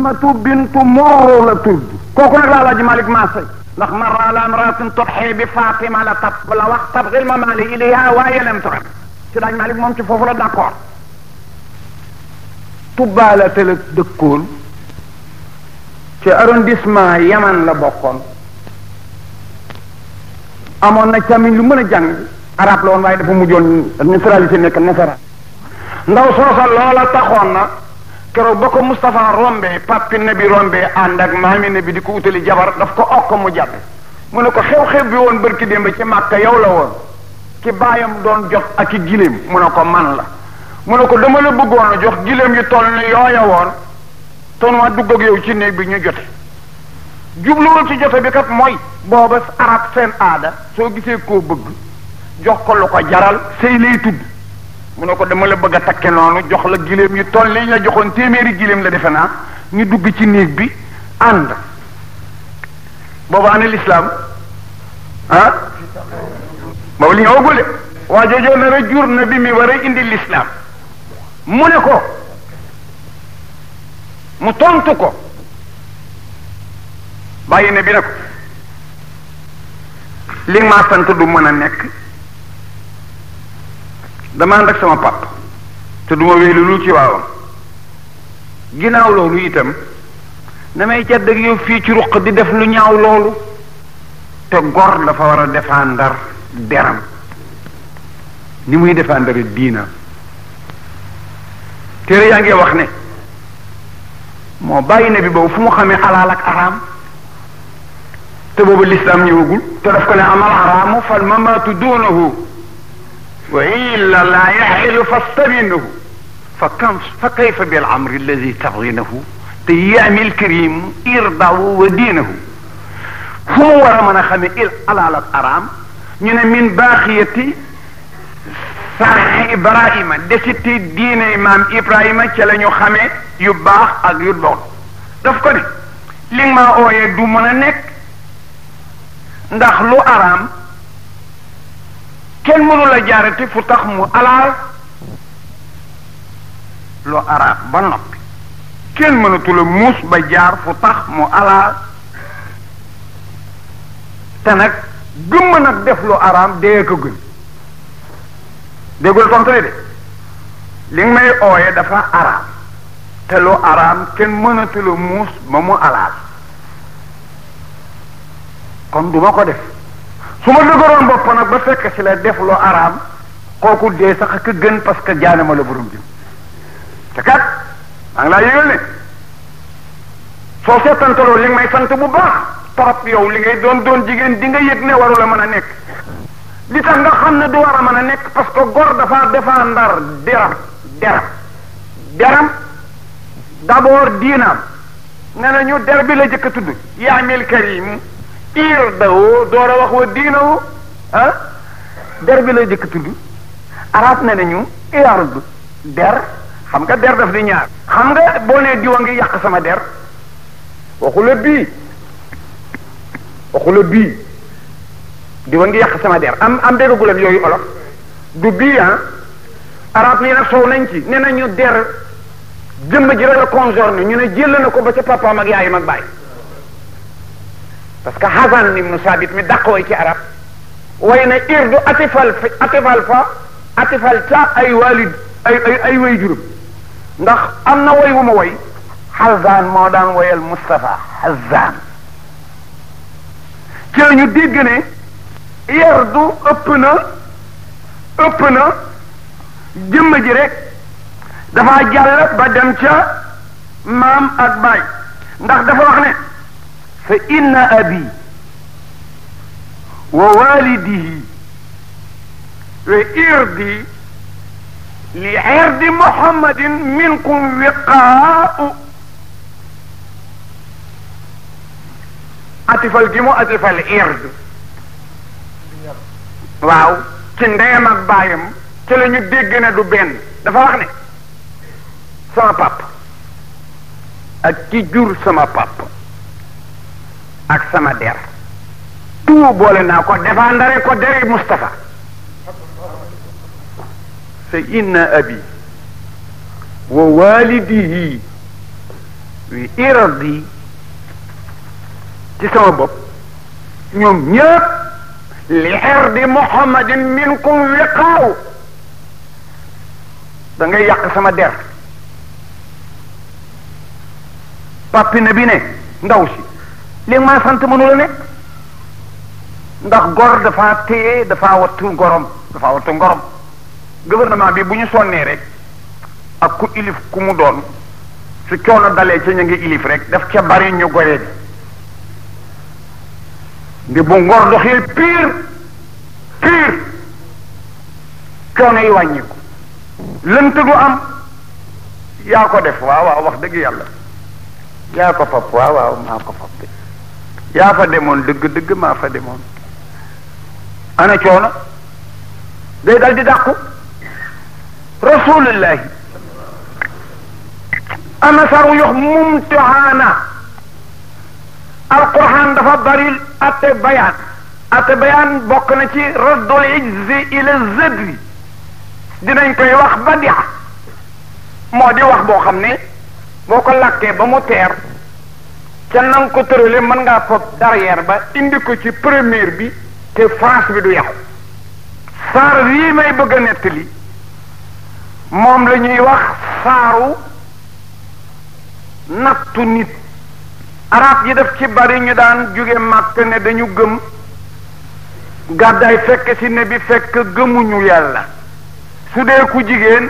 asmatu bintu morro la tudd kooku nag laa laaj Malick Massé ndax la amratin tudhi bi Fatima la tab la wax tabghil mamali ilayha waaye lam turab ci daaj Malick moom ci foofu la d'accord Touba la tële dëkkoon ci arrondissement Yaman la bokkoon amoon na camin lu mën a jàng arab la woon waaye dafa mujjoon neutralité nekk nasara ndaw soosa loola taxoon na keroog ba ko Moustapha rombee papi nabi rombee ànd ak maami nabi di ko utali jabar daf ko okk mu jàpp mu ne ko xew-xew bi woon bërki démb ci màkka yow la woon ki baayam doon jox ak i gileem mu ne ko man la mu ne ko dama la bëggoon a jox gileem yu toll ne yooya woon ton waa dugg ak yow ci néeg bi ñu jote jubluwul ci jote bi kat mooy booba arab seen aada soo gisee koo bëgg jox ko lu ko jaral sëy lay tudd mu ne ko dama la bëgg a takke noonu jox la giléem yu toll li ñu la joxoon téeméeri giléem la defe naa ñu dugg ci néeg bi ànd booba ana lislaam ah boobu li ñoo gule waa joojoo nar a jur na bi mi war a indi lislaam mu ne ko mu tontu ko bàyyi ne bi ne ko li nga du mën a nekk dama ànd sama pap te duma wéy lu lu ci waawam ginnaaw loolu itam damay jàdd ak yow fii ci ruq di def lu ñaaw loolu te gor dafa war a ndar deram ni muy défendre diina téere yaa ngi wax ne moo bàyyi ne bi boobu fu mu xamee alaal ak araam te boobu lislaam ñëwagul te daf ko ne amal araamu fal mamaatu duunahu wa illa laa yaxilu fastaminahu fa kam fa kayfa bil amri alladi tabginahu te yaami lkarim irdaawu wa diinahu fu mu war a mën a xamee il alaal araam ñu ne min baaxiyati sarxi ibrahima desiti diine maam ibrahima ca la ñu xamee yu baax ak yu doon daf ko li nga maa ooyee du mën a nekk ndax lu araam kenn mënu la jaarati fu tax mu alaal lu araam ba noppi kenn mënatu la muus ba jaar fu tax mu alaal te nag gëmm nag def lu araam dee ko gën déggul tontu de li may ooye dafa araam te lu araam kenn mënatu la muus ba mu alaal kon duma ko def su ma dëgëroon bopp nag ba fekk si la def loo araam kooku dee sax ak gën parce que jaane ma la borom jëm te kat maa laa yëgal ne soo seetantaloo li nga may sant bu baax trop yow li ngay doon doon jigéen di nga yëg ne waru la mën a nekk li tax nga xam ne du war a mën a nekk parce que góor dafa defaa ndar deram deram deram d'abord diinaam ne nañu der bi la jëkk a tudd yaamil karim iir dawoo door a wax wa diinawo ah der bi la jëkk tudd arab ne nañu iard der xam nga der daf di ñaar xam nga boo nee diwa ngi yàq sama der waxula bii waxula bii diwa ngi yàq sama der am am déggagulam yooyu olof du bii ah arab yi nag soow nañ ci ne nañu der jëmm ji rek a concerné ñu ne jël na ko ba ca papaam ak yaayam mag bàyyi parce que Hasan ibnu Sabit mi dàq way ci arab way na irdu atifal atifal fa atifal ca ay walid ay way juróom ndax am na wu ma way Hasan moo daan woyal Moustapha Hasan ci la ñu dégg ne irdu ëpp na ëpp na jëmm ji rek dafa jàll ba dem ca maam ak baay ndax dafa wax ne fa inna abi wa walidihi wa irdi li irdi muhammadin minkum wiqaa'u atifal gi mu atifal ird waaw ci ndeyam ak baayam ci la ñu dégg ne du benn dafa wax ne sama pap ak ki jur sama pap ak sama der tout boole naa ko défendare ko deri Moustapha fa inna abi walidihi wi iradi ci sama bopp ñoom ñëpp li irdi muhammadin minkum wiqaaw da ngay yàq sama der papi na bi ne ndaw si li maa sant mënu la ndax gor dafa téye dafa wattu ngorom dafa wattu ngorom gouvernement bi bu ñu sonnee rek ak ku ilif ku mu doon su na dalee ca ñu ngi ilif rek def ca bari ñu goree bi ndi bu ngor doxee pire pire coono yi wàññiku lënt du am yaa ko def waaw wax dëgg yàlla yaa ko fab waaw waaw ko fab yaa fa demoon dëgg-dëgg maa fa demoon ana coono day dal di dàqu rasulullahi ana saru yox mumtihaana alquran dafa bari atte bayaan atte bayaan bokk na ci raddul ijzi ila zadwi dinañ koy wax badia moo di wax boo xam ne boo ko ba mu teer ca na ko tëralee mën ngaa foog derrière ba indi ko ci première bi te France bi du yàqu saar yii may bëgg nettali moom la ñuy wax saaru nattu nit arab yi def ci bari ñu daan jóge màkk ne dañu gëm gàddaay fekk ci ne bi fekk gëmuñu yàlla su dee ku jigéen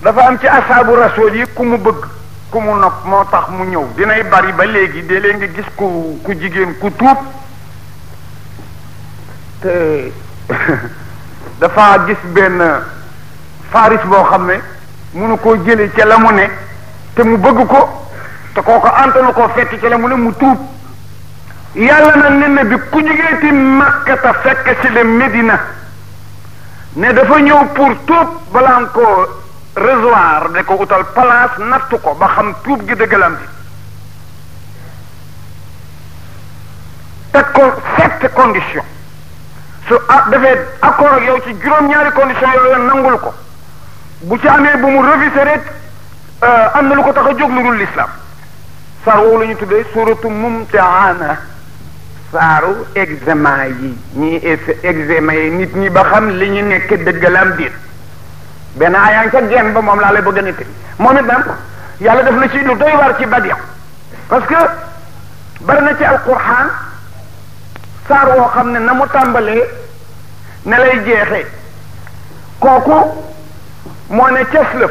dafa am ci asaabu rasool yi ku mu bëgg ku mu nopp moo tax mu ñëw dinay bari ba léegi de leen gis ku ku jigéen ku tuub te dafa gis benn faris boo xam ne munu koo jële ca la mu ne te mu bëgg ko te kooko antanu koo fekk ca la mu ne mu tuub yàlla na nen bi ku jógeeti makkata fekk ci le médina ne dafa ñëw pour tuub balaa ko réservoir da ko utal place nattu ko ba xam tuub gi dëggalam bi teg ko sept condition su ah defee accord yow ci juróom-ñaari condition yooyu nangul ko bu ci amee bu mu revisé rek euh, am na lu ko tax a jóg lu dul l'islam saar woowu la ñu tuddee suratu mumtihana saaru examen yi ñi examen yi nit ñi ba xam li ñu nekk dëggalam biir benn ayaan ca genn ba moom laa lay bëgg a nettali moom it nag yàlla def na ci lu doy war ci badiw parce que bari na ci alquran saar woo xam ne na mu tàmbalee na lay jeexee kooku moo ne ceslëf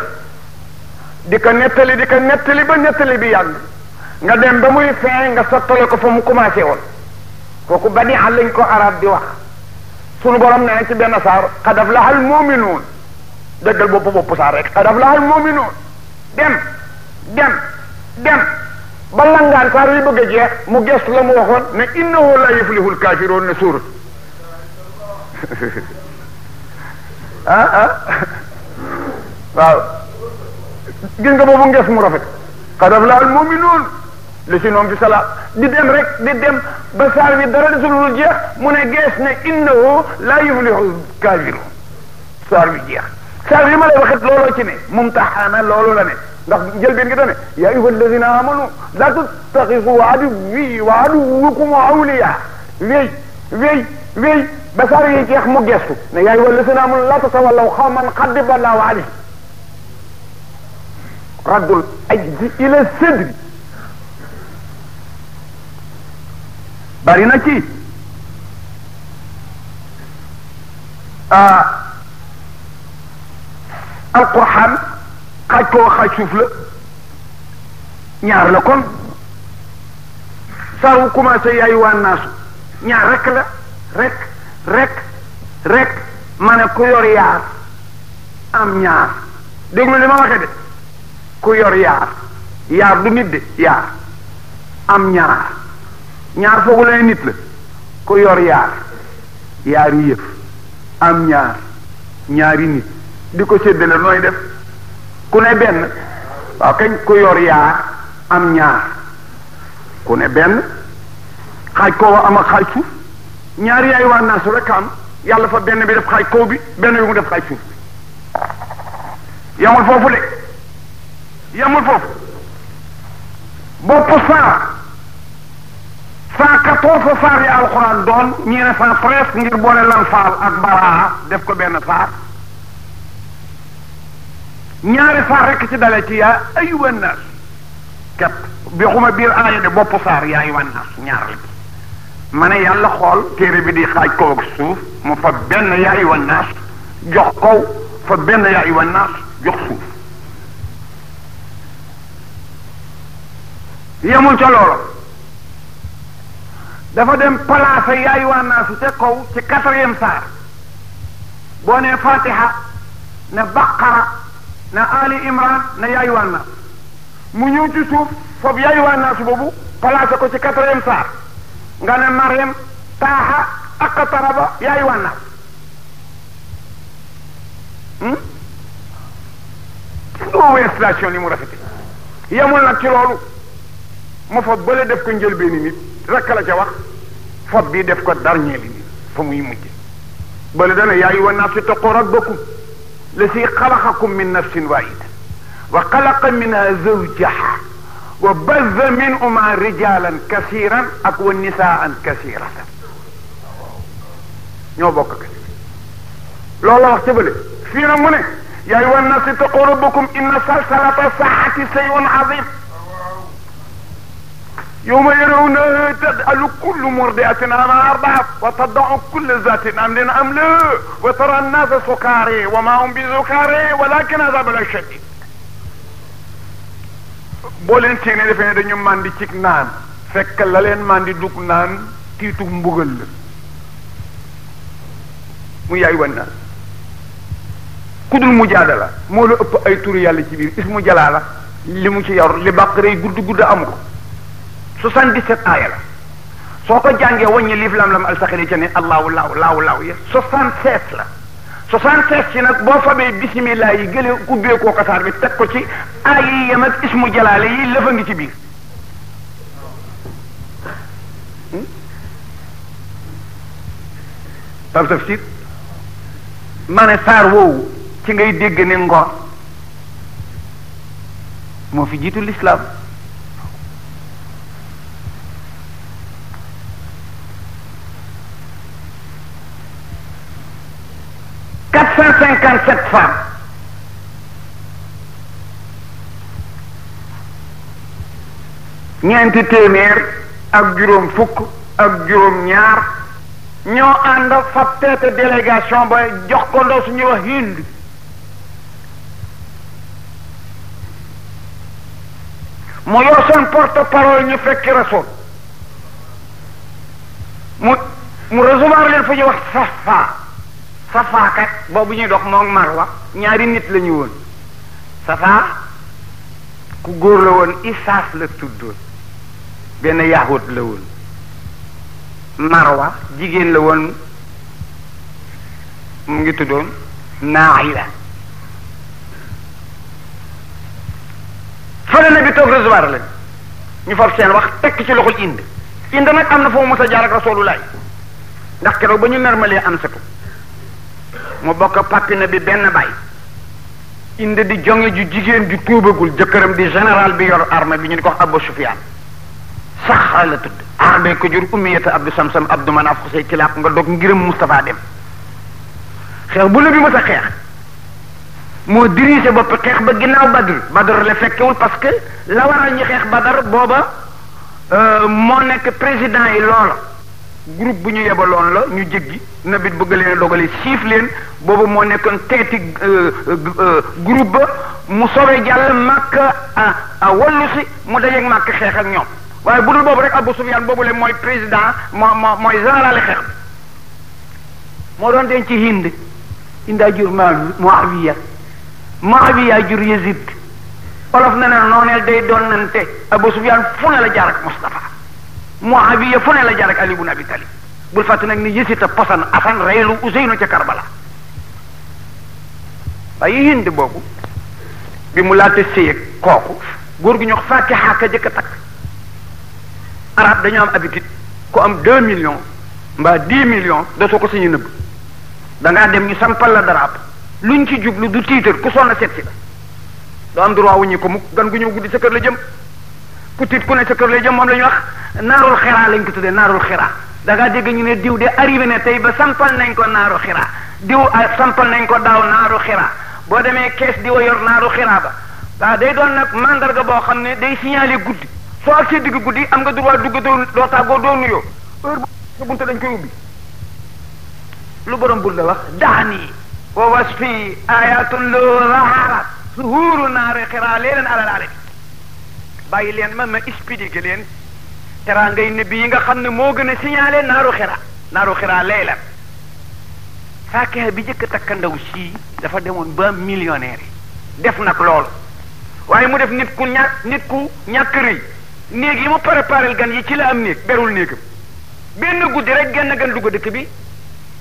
di ko nettali di ko nettali ba nettali bi yàgg nga dem ba muy fin nga sottale ko fa mu commencé woon kooku badi lañ ko arab di wax sunu borom nee na ci a saar xadaf laxal muuminuun dëggal boppu boppu saa rek qad aflaha al-mu'minuun dem dem dem ba langaan saar yi bëgg a jeex mu gestu la mu waxoon ne innahu la yuflihu al-kaafiruun ne suur ah ah waaw gis nga boobu ngees mu rafet qad aflaha al-mu'minuun li si noom fi salaat di dem rek di dem ba saar bi dara desul lu jeex mu ne gees ne innahu la yuflihu al-kaafiruun saar bi jeex saar yi ma lay waxit looloo ci ne mumtaxaana loolu la ne ndax njëlbeen ngi da ne yaa ayyuha alladina amanu la tattaxisu aduwwi wa aduwwakum awliya wéy wéy wéy ba saar yi jeex mu gestu ne yaa ayyuha alladina amanu la tatawallaw xawman xaddiba allahu alayhi raddul ajji ila sadri bari na ci ah alquran xaaj koo xaaj la ñaar la kon saa wu commencé yaay ñaar rek la rek rek rek ma ne ku yor yaar am ñaar li ma waxee de ku yor yaar du nit de yaar am ñaar ñaar foogu lay nit la ku yor yaar yaari yëf am ñaar ñaari nit di ko séddale nooy def ku ne benn waaw kañ ku yor yaa am ñaar ku ne benn xaaj koo am ak xaaj suuf ñaar yaay waa naa su rek am yàlla fa benn bi def xaaj kaw bi benn bi mu def xaaj suuf bi foofu de yamul foofu bopp saa cent quatorze saar yi alxuraan doon ñii ne cent ngir boole lan faal ak baraa def ko benn saar ñaari saar rek ci dale ci yaa ayuha naas képp bi xuma biir aaya de boppu saar yaa ayuha naas ñaar la ma ne yàlla xool téere bi di xaaj kaw ak suuf mu fa benn yaa ayuha naas jox kaw fa benn yaa ayuha naas jox suuf yemul ca loolu dafa dem placé yaa ayuha naas ca kaw ci quatrième saar boo nee ne baqara na Ali Imran na yaay waan naa mu ñëw ci suuf foofu yaay waan boobu placé ko ci quatrième saar nga ne Mariam taaxa ak taraba yaay waan naa gis hmm? installation ni mu rafete yemul nag ci loolu ma fa bële def ko njëlbeeni nit rek la ca wax fob bi def ko dernier bi nit fa muy mujj bële dana yaay waan si toqoo ak الذي خلقكم من نفس واحده وخلق منها زوجها وبث منهما رجالا كثيرا اكو نساء كثيرا ñoo bokk ak loolu la wax ci bële fii na mu ne yaa ayyuhan naas ittaqu rabbakum inna salsalata saa'ati shay'un 'azim yawma yarawnahaa tad'alu kullu murdi'atin ammaa arda'at wa tada'u kullu zaatin hamlin hamlahaa wa taraa n-naasa sukaaraa wa maa hum bi sukaaraa walaakinna azaaba Llaahi shadiid boo leen seenee defe ne dañu màndi cig naan fekk la leen màndi dug naan tiitu mbugal la mu yaay wan naan ku dul mujaadala moo la ëpp ay turu yàlla ci biir ismu jalaala li mu ci yor li bàq rey gudd gudd am ko 77 aaya la soo ko jàngee wàññi liif lam lam alsaxili ca ne allahu laaw laaw laaw ya 76 la 76 ci nag boo fabee bisimilaa yi gële ubbee koo kasaar bi teg ko ci aay yi yem ak ismu jalaale yi lëfa ngi ci biir mane hmm? tafsir ma saar woowu ci ngay dégg ngor moo fi jiitu lislaam ñeenti téeméer ak juróom fukk ak juróom ñaar ñoo ànd fa teete délégation ba jox ko ndaw suñuy wax Hind mu yor seen porte parole ñu fekki rasul mu mu recevoir leen fu ñuy wax Safa Safa boobu ñuy dox moom Marwa ñaari nit la ñu woon Safa ku góor la woon Isaas la tuddoon benn yahut la woon marwa jigéen la woon mu ngi tuddoon naila fële na bi toog recevoir la ñu fab seen wax tekk ci loxol ind ind nag am na foo mos a jaar ak rasoolulaay ndax keroog ba ñu mermalee am satu mu bokk papi bi benn baay ind di jonge ju jigéen ju tuubagul jëkkëram di général bi yor arme bi ñu di ko wax Abu Zahra la tudd Amee ah, ko jur ummiyata Abdou Samsam Abdou Manaf Xusey nga dog ngiram Moustapha dem xeex bu nabi mës a xeex moo dirigé bopp xeex ba ginnaaw Badr Badr la fekkewul parce que la a ñu xeex Badr booba euh, moo nekk président yi loola groupe bu ñu yebaloon la ñu jéggi nabit bëgg leen a dogale siif leen booba moo nekkoon teeti euh, euh, groupe ba mu soobee jàll màkk a ah, ah, wallu si mu dajeeg màkk xeex ak ñoom waaye bu dul boobu rek Abu Sufyaan boobule mooy président moo moo mooy général xeex bi moo doon denc Hind Hindaa jur Muawiya Muawiya jur Yazid olof ne nooneel day doon nante Abu Sufyaan fu ne la jaar ak Mustafa Muawiya fu ne la jaar ak Ali ibn Talib bul fàtte nag ni Yazid a posan Asan reylu Useynu ca Karbala waaye Hind boobu bi mu laata séy kooku góor gi ñu wax Faatiha ka jëkk arab dañu am habitude ku am deux millions mbaa dix million da soo ko sañu nëbb da dem ñu sampal la daraab luñ ci jublu du tiitar ku sonna seet si la doo am droit wuñu ko mukk gan gu ñëw guddi sa kër la jëm ku tiit ku ne sa kër la jëm moom la wax naarul xiraa lañ ko tuddee naarul xiraa da ngaa dégg ñu ne diw di arrivé ne tey ba sampal nañ ko naaru xiraa diw ah, sampal nañ ko daaw naaru xiraa boo demee kees di wa yor naaru xiraa ba waaw day doon nag mandarga boo xam ne day signalé guddi soo ak see digg guddi am nga droit dugg doo tàggoo doo nuyoo heure bu bunte dañ koy ubbi lu borom bul la wax daani wa wasfi ayatun lu raxarat suhuuru naare xiraa leen alal alamin bàyyi leen ma ma expliqué leen teraa ngay nabi yi nga xam ne moo gën a signalé naaru xira naaru xira layla faakexe bi jëkk takka ndaw sii dafa demoon ba millionnaire yi def nag loolu waaye mu def nit ku ñàkk nit ku ñàkk rëy néeg yi mu préparé gan yi ci la am néeg berul néegam benn guddi rek genn gan dugg dëkk bi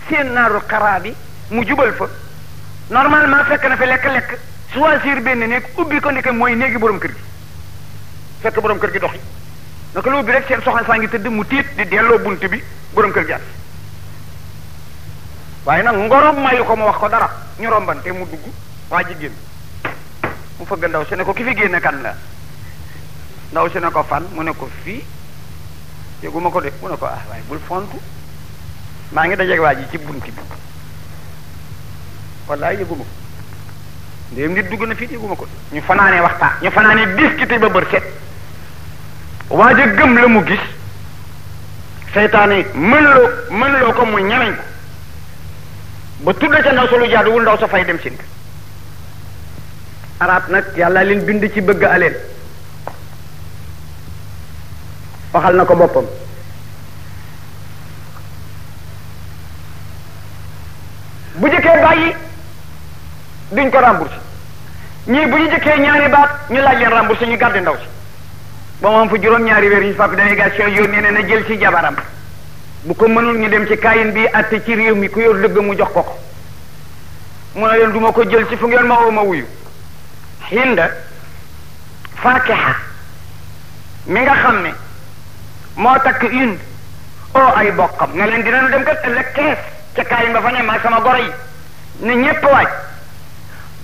seen naaru xaraa bi mu jubal fa normalement fekk na fi lekk-lekk choisir benn néeg ubbi ko nekk mooy néegi boroom kër gi fekk borom kër gi doxi naka la ubbi rek seen soxna saa ngi tëdd mu tiit di delloo bunt bi boroom kër gi at waaye nag ngorom mayu ko mu wax ko dara ban rombante mu dugg waa ji génn mu fëgg ndaw si ne ko ki fi génn kan la ndaw si ne ko fan mu ne ko fii yëguma ko de mu ne ko ah waaye bul fontu maa ngi dajeeg waa ji ci bunti bi wallaay yëguma ko ndéem nit dugg na fii yëguma ko ñu fanaanee waxtaan ñu fanaanee discuter ba bër set waa gëm la mu gis seytaane mën loo mën loo ko mu ñemeñ ko ba tudda ca ndaw sa lu jaaduwul ndaw sa fay dem sin araab nag yàlla leen bind ci bëgg aleen waxal na ko boppam bu jëkkee bàyyi duñ ko remboursé ñii bu ñu jëkkee ñaari baat ñu laaj leen remboursé ñu gàddi ndaw si ba moom fa juróom-ñaari weer yi fàpp délégation yónnee ne na jël ci jabaram bu ko mënul ñu dem ci kaayin bi àtte ci réew mi ku yor dëgg mu jox ko ko mu ne leen du ko jël ci fu ngeen ma woo ma wuyu Hinda Fatiha mi nga xam ne moo takk une oo ay bokkam ne leen dinañu dem kat ëllëg kees ca kaayin ba fa ne maag sama goro yi ne ñépp waaj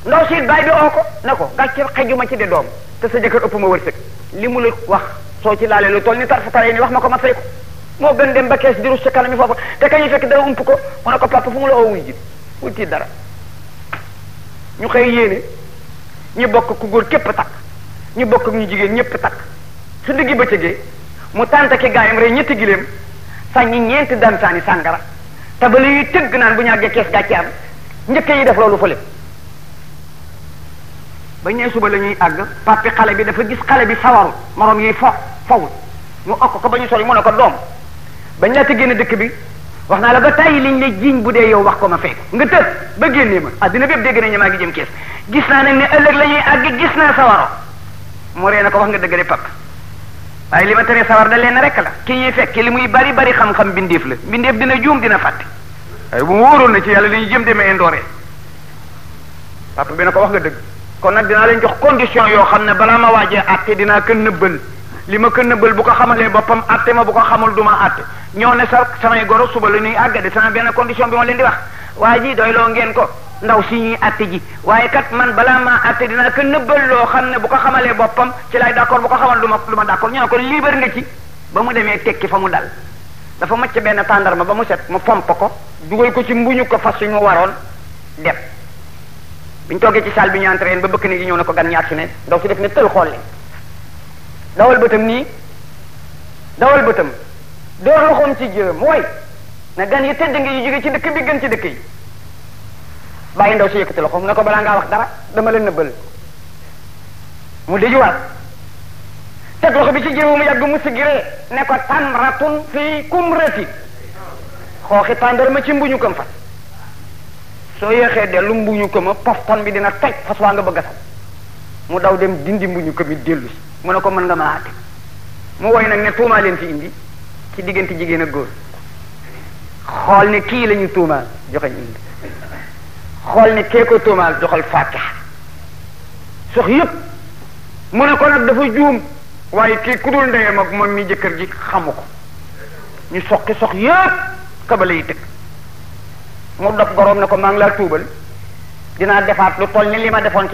ndaw siit baay bi oo ko ne ko gàcce xejuma ci de doom te sa jëkkër ëpp ma wërsëg li mu la wax soo ci laalee lu tool ni tarfu tare ni wax ma ko ma fay ko moo gën dem ba kees di rus ca kanam yi foofu te kañuy fekk dara ump ko mu ne ko papa fu mu la oo wuy ji wuti dara ñu xëy yéene ñu bokk ku góor képp takk ñu bokk ñu jigéen ñépp takk su diggi bëccëgee mu tànta ki gaayam rey ñetti gileem sànni ñeenti dansaani sàngara te ba luy tëgg naan bu ñu àggee gaa gàcce am njëkk yi def loolu fële ba ñëwee suba la ñuy àgg papi xale bi dafa gis xale bi sawaru morom yi fo fawul ñu okk ko ba ñu sori mu ne ko doom bañ laa te génn dëkk bi wax naa la ba tàyyi liñ la jiiñ bu dee yow wax ko ma fekk nga tëb ba génnee ma addina bépp dégg nañu ak gi jëm kees gis naa nag ne ëllëg la ñuy àgg gis naa sawaro mu ree na ko wax nga dëgg de waaye li ma tere sawar da leen rek la ki ñuy fekk li muy bari bari xam-xam bindeef la bindeef dina juum dina fàtte waaye mu wóoroon na ci dañuy jëm demee indooree papa bi na ko wax nga dëgg kon nag dinaa leen jox condition yoo xam ne balaa ma waajee àtte dinaa kën nëbbal li ma kën bël bu ko xamalee boppam àtte ma bu ko xamul duma àtte ñoo ne sa samay goro suba la ñuy àggade sama benn condition bi ma leen di wax waa ji doyloo ngeen ko ndaw si ñuy atte ji waaye kat man balaa maa atte dinaa ko nëbbal loo xam ne bu ko xamalee boppam ci laay d'accord bu ko xamal lu ma lu ma d'accord ñu ne ko liibar nga ci ba mu demee tekki fa mu dal dafa macc benn tàndarma ba mu set mu pomp ko dugal ko ci mbuñu ko fas suñu waroon dem biñ toggee ci salle bi ñu entraîné ba bëkk ni gi ñëw na ko gan ñaar si ne ndaw si def ne tël xool dawal bëtam nii dawal bëtam door loxoom ci jëm mooy na gan yi tedd nga yu jóge ci dëkk bi gën ci dëkk yi bàyyi ndaw si yëkkati loxoom ne ko balaa ngaa wax dara dama la nëbbal mu déjuwaat teg loxo bi ci jiwu mu yàgg mu sigiree ne ko tamratun fii kumrati xooxi tàndar ma ci mbuñu kam fas soo yéexee dellu mbuñu këma poftan bi dina toj fas waa nga bëgg sax mu daw dem dindi mbuñu këm it dellu si mu ne ko mën nga maa àtte mu woy nag ne tuumaa leen fi indi ci diggante jigéen ak góor xool ne kii lañuy ñu tuumaa joxeñ indi xool ne kee ko tuumaal doxal fatiha sox yëpp mu ne ko nag dafa juum waaye kii ku dul ndeyam ak moom mi jëkkër ji xamu ko ñu soqi sox yëpp kabale yi dëkk mu dof goroom ne ko maa ngi laa tuubal dinaa defaat lu toll ni li ma defoon ci